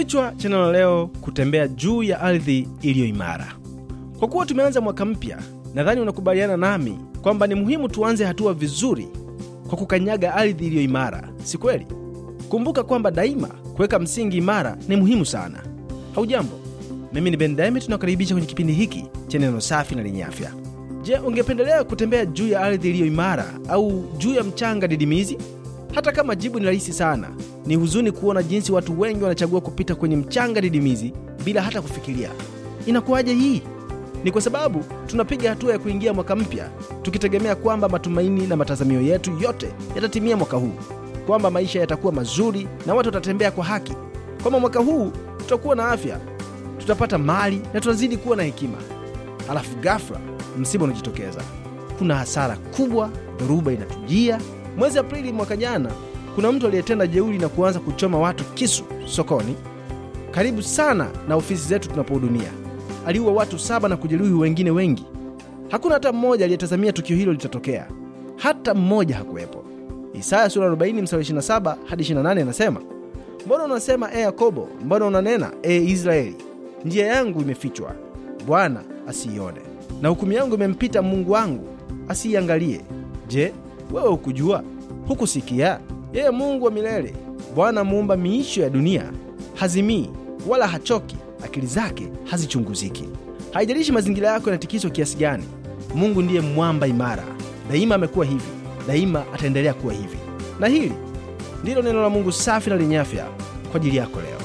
Kichwa cha neno leo, kutembea juu ya ardhi iliyo imara. Kwa kuwa tumeanza mwaka mpya, nadhani unakubaliana nami kwamba ni muhimu tuanze hatua vizuri kwa kukanyaga ardhi iliyo imara, si kweli? Kumbuka kwamba daima kuweka msingi imara ni muhimu sana. Haujambo, mimi ni Ben Dynamite, tunakaribisha kwenye kipindi hiki cha neno safi na lenye afya. Je, ungependelea kutembea juu ya ardhi iliyo imara au juu ya mchanga didimizi? Hata kama jibu ni rahisi sana, ni huzuni kuona jinsi watu wengi wanachagua kupita kwenye mchanga didimizi bila hata kufikiria. Inakuwaje hii? Ni kwa sababu tunapiga hatua ya kuingia mwaka mpya tukitegemea kwamba matumaini na matazamio yetu yote yatatimia mwaka huu, kwamba maisha yatakuwa mazuri na watu watatembea kwa haki, kwamba mwaka huu tutakuwa na afya, tutapata mali na tutazidi kuwa na hekima. Halafu ghafla msiba unajitokeza, kuna hasara kubwa, dhoruba inatujia Mwezi Aprili mwaka jana, kuna mtu aliyetenda jeuri na kuanza kuchoma watu kisu sokoni karibu sana na ofisi zetu tunapohudumia. Aliua watu saba na kujeruhi wengine wengi. Hakuna hata mmoja aliyetazamia tukio hilo litatokea, hata mmoja hakuwepo. Isaya sura 40 mstari 27 hadi 28 anasema, mbona unasema e Yakobo, mbona unanena e Israeli, njia yangu imefichwa Bwana asiione, na hukumu yangu imempita Mungu wangu asiiangalie. Je, wewe hukujua? Hukusikia? Yeye Mungu wa milele, Bwana muumba miisho ya dunia, hazimii wala hachoki, akili zake hazichunguziki. Haijalishi mazingira yako yanatikiswa kiasi gani, Mungu ndiye mwamba imara. Daima amekuwa hivi, daima ataendelea kuwa hivi. Na hili ndilo neno la Mungu safi na lenye afya kwa ajili yako leo.